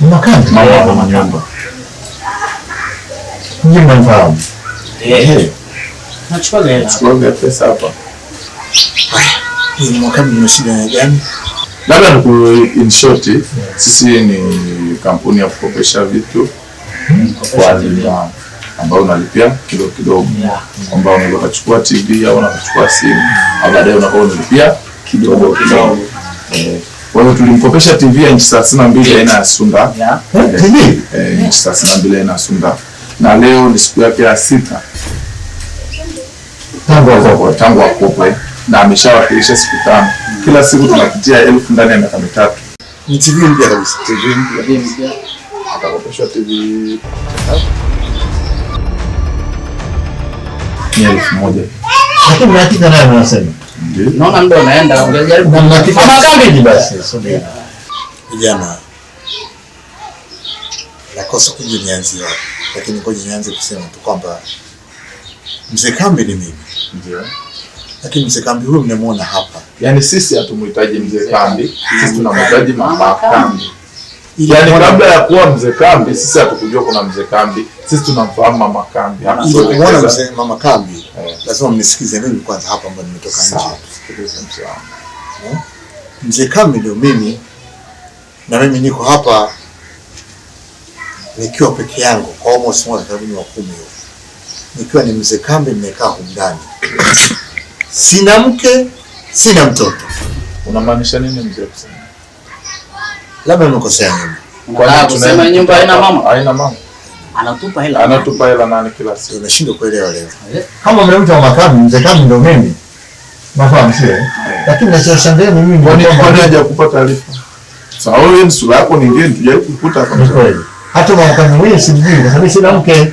Mnakazi manyumba Labda in short, sisi ni kampuni ya kukopesha vitu hmm. kwa adiliana ambao unalipia kidogo kidogo, kwamba unaweza kuchukua TV au unachukua simu, baadaye unakuwa unalipia kidogo kidogo. Eh. Kwa hiyo tulimkopesha TV ya inchi 32 na mbili aina ya Sunda, inchi eh, eh, eh, thelathini na mbili aina ya Sunda, na leo ni siku yake ya sita tangu akopwe na ameshawakilisha siku tano. Kila siku tunapitia elfu ndani ya miaka mitatu. Atakopeshwa TV elfu moja. Lakini mia tisa naye anasema naona muda unaenda, ungejaribu mama ni basi. Vijana nakosa wapi? lakini kujinyanzi kusema tu kwamba mzee kambi ni mimi, ndio lakini mzee kambi huyu mnemuona hapa, yaani sisi hatumhitaji mzee kambi, sisi tunamhitaji mama kambi. Yani kabla ya kuwa mzee kambi, sisi hatukujua kuna mzee kambi. Sisi tunamfahamu mama kambi, unaona mzee mama kambi. Eh. Lazima mnisikize mimi kwanza hapa, ambapo nimetoka nje. Eh? Mzee kambi ndio mimi, na mimi niko hapa nikiwa peke yangu kwa almost mwaka karibu wa kumi hiyo, nikiwa ni mzee kambi, nimekaa huko ndani, sina mke, sina mtoto. Unamaanisha nini mzee? Labda nimekosea nini? Kwa nini ah, tunasema nyumba haina mama? Haina mama. Anatupa hela. Anatupa hela nani kila siku? Tunashindwa kuelewa leo. Eh? Kama mnaita makamu, mzee kama ndio mimi. Nafahamu sio? Ah. Lakini nachoshangaa mimi ni kwamba kwa nini kupata taarifa? Sasa wewe ni sura yako ni ngeni, hujai kukuta kwa kweli. Hata makamu mwenyewe simjui kwa sababu sina mke.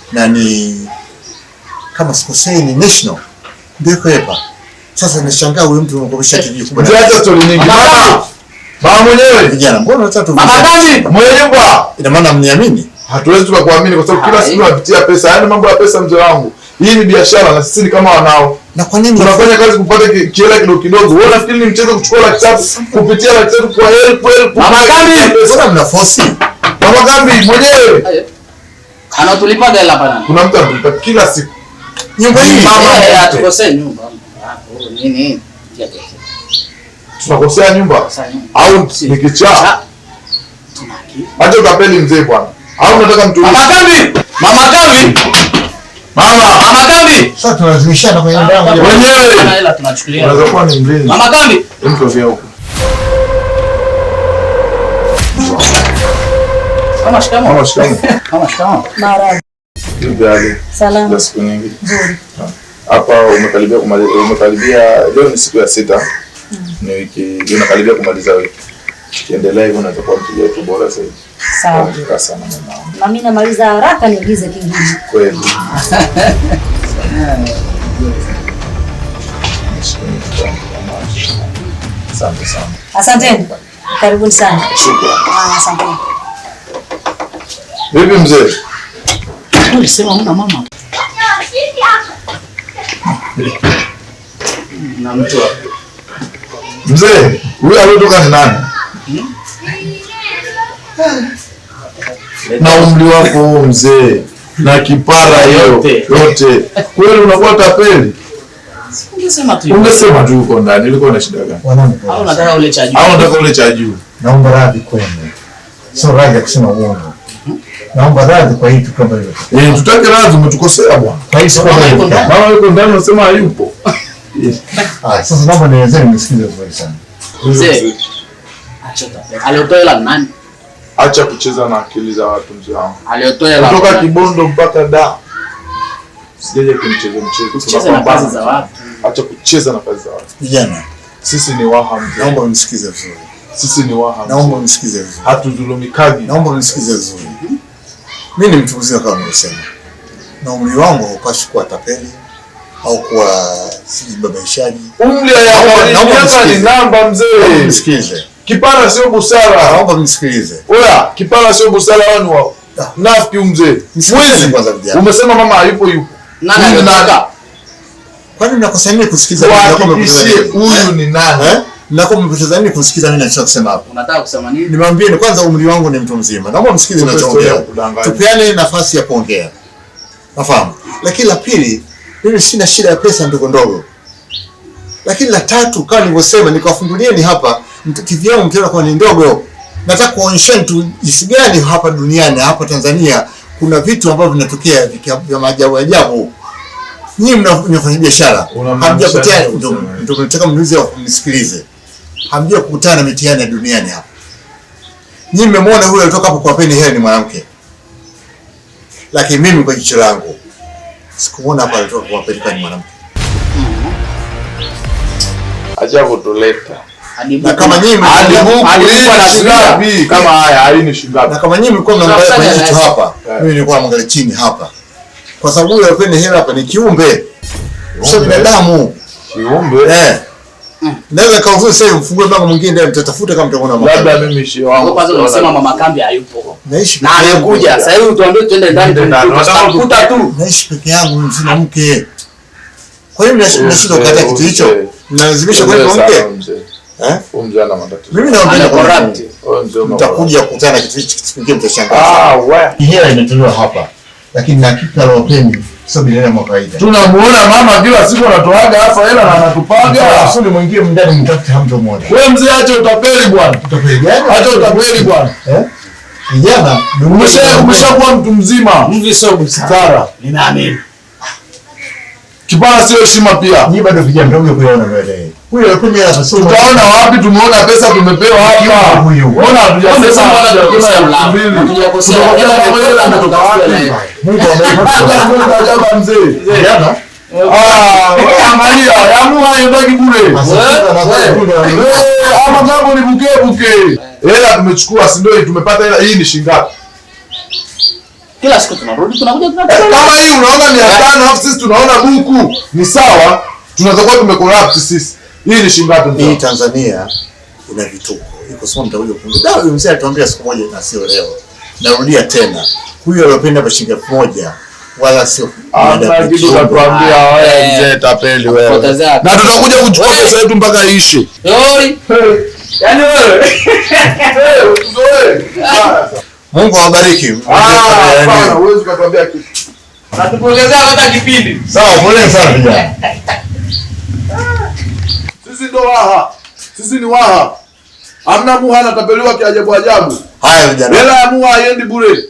na ni kama sikosei ni national ndio kwepa. Sasa nashangaa huyu mtu anakopesha eh, kijiji kubwa. Ndio hata story nyingi. Baba, baba mwenyewe vijana, mbona unataka tu? Baba gani? Mwenyebwa. Ina maana mniamini? Hatuwezi tukakuamini kwa sababu kila siku tunapitia pesa. Yaani mambo ya pesa mzee wangu. Hii ni biashara na sisi ni kama wanao. Na kwa nini tunafanya kazi kupata kiela kidogo kidogo? Wewe unafikiri ni mchezo kuchukua laki tatu kupitia laki tatu kwa help help? Baba gani? Mbona mnafosi? force? Baba gani mwenyewe? Anatulipaga hela bana. Kuna mtu anatulipa kila siku. Nyumba hii mama eh, hatukosea nyumba. Hapo ah, oh, nini? Tunakosea nyumba au ni kichaa? Acha utapeli mzee bwana. Au unataka mtu Mama Kambi? Mama Kambi. Mama, Mama Kambi. Sasa tunalazimishana kwenye ndoa ah, moja. Wenyewe. Hela tunachukulia. Unaweza kuwa ni mlinzi. Mama Kambi. Mtu vya huko. Mama, shikamoo. Mama, shikamoo. Mama, shikamoo. Marahaba. Salama. Siku nyingi. Nzuri. Hapa umekaribia kumaliza, umekaribia leo ni siku ya sita. Mm. Ni wiki, unakaribia kumaliza wiki. Kiendelea hivyo natakuwa mpiga tu bora zaidi. Sawa. Sana mama. Na mimi namaliza haraka niingize kingine. Kweli. Asante sana. Asante. Karibuni sana. Shukrani. Ah, Vipi mzee? Ulisema una mama. Mzee, ni nani? Na umri wako mzee, na kipara hiyo yote, kweli unakuwa tapeli? Ungesema tu uko ndani, ulikuwa na shida gani? Au unataka ule cha juu? Naomba radhi kwenu. Sio kusema uongo naomba radhi kwa hii tukio ambalo eh, tutake radhi, umetukosea bwana. Rais kwa hiyo mama yuko ndani, anasema hayupo. Ah, sasa naomba nielezeni, msikize vizuri sana mzee. Acha tape aliotoa la nani? Acha kucheza na akili za watu mzee wangu. Aliotoa la kutoka Kibondo mpaka da, sijaje kumcheza mchezo, kucheza na kazi za watu. Acha kucheza na kazi za watu vijana. Sisi ni waha, mzee. naomba unisikize vizuri. Sisi ni waha, naomba unisikize vizuri. Hatudhulumikaji, naomba unisikize vizuri Mi ni mtu mzima kama nimesema, na umri wangu haupashi kuwa tapeli au kuwa sijibabaishaji. Umri ni namba, mzee. Msikilize, kipara sio busara. Naomba msikilize. Oya, kipara sio busara wani wao. Ah. Nafiki mzee. Mwizi kwanza vijana. Umesema mama hayupo yupo. Nani nani? Kwani nakosa nini kusikiliza? Huyu ni nani? Eh? Nakuwa mmepoteza nini kusikiza mimi ninachosema hapo? Unataka kusema nini? Nimwambie ni kwanza umri wangu ni mtu mzima. Naomba msikize ninachoongea. Tupeane nafasi ya kuongea. Nafahamu. Lakini la pili, mimi sina shida ya pesa ndogo ndogo. Lakini la tatu kama nilivyosema ni hapa mtakivyao mkiona kwa ni ndogo. Nataka kuonyesheni tu jinsi gani hapa duniani hapa Tanzania kuna vitu ambavyo vinatokea vya maajabu ajabu. Nyinyi mnafanya biashara. Hamjapotea ndio ndio nataka mniulize mnisikilize hamjua kukutana na mitihani ya duniani hapa. Nyinyi mmemwona huyo alitoka hapo kwa peni hela ni mwanamke. Lakini mimi kwa jicho langu sikuona hapa alitoka kwa peni ni mwanamke. Acha kutuleta. Na kama nyinyi kama haya haini shingapi. Na kama nyinyi mlikuwa mnaangalia kwa jicho hapa, eh. mimi nilikuwa naangalia chini hapa. Kwa sababu yule peni hela hapa ni kiumbe. Sio binadamu. Kiumbe. Eh. Naweza kaufua sasa ufungue mlango mwingine ndio tutatafuta kama tutakuwa na Labda mimi sio wangu. Kwa sababu unasema mama kambi hayupo. Naishi. Na anakuja. Sasa hivi tuambie twende ndani tutakuta tu. Naishi peke yangu sina mke. Kwa hiyo nashinda kukata kitu hicho. Nalazimisha kwa mke. Eh? Huyu mzee ana matatizo. Mimi naomba ni corrupt. Mtakuja kukutana kitu hicho kingine mtashangaa. Ah, wewe. Hela imetolewa hapa. Lakini na hakika leo sio binadamu wa kawaida. Tunamuona mama kila siku anatoaga hasa hela na anatupaga. Asuli mwingie mndani mtafute hamto mmoja. Wewe mzee, acha utapeli bwana. Utapeli gani? Acha utapeli bwana. Eh? Kijana, Vijana, umeshakuwa mtu mzima. Mvi sio mstara. Ni nani? Kipara sio heshima pia. Ni bado vijana ndio kuyaona wewe. Tutaona wapi? Tumeona pesa tumepewa hapa. Angalia, bure. Hapa ni buke buke. Hela tumechukua, si ndio? Tumepata hela hii ni shilingi ngapi? Kila siku tunarudi tunakuja Kama hii unaona 500 sisi tunaona buku. Ni sawa. Tunazokuwa tumecorrupt sisi. Hii ni shilingi Hii Tanzania ina vituko. Iko Ikosoma mtakuja kukuta. Dawa mzee atuambia siku moja na sio leo. Narudia tena. Huyu aliyopenda kwa shilingi elfu moja wala sio. Hata ah, kitu katuambia ah, wewe eh. mzee tapeli wewe. Na tutakuja kuchukua pesa yetu mpaka iishe. Oi. Yaani wewe. Ah. Mungu awabariki. Ah, hapana, yaani- huwezi kutuambia kitu. Natupongezea hata kipindi. Sawa, pole sana vijana sisi ndo waha, sisi ni waha. Amna muha anatapeliwa kiajabu ajabu. Haya vijana, Bila ya muha haiendi bure.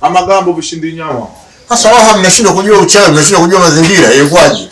Amagambo vishindi nyama. Sasa waha mnashindwa kujua uchawi, mnashindwa kujua mazingira, ilikuwaje?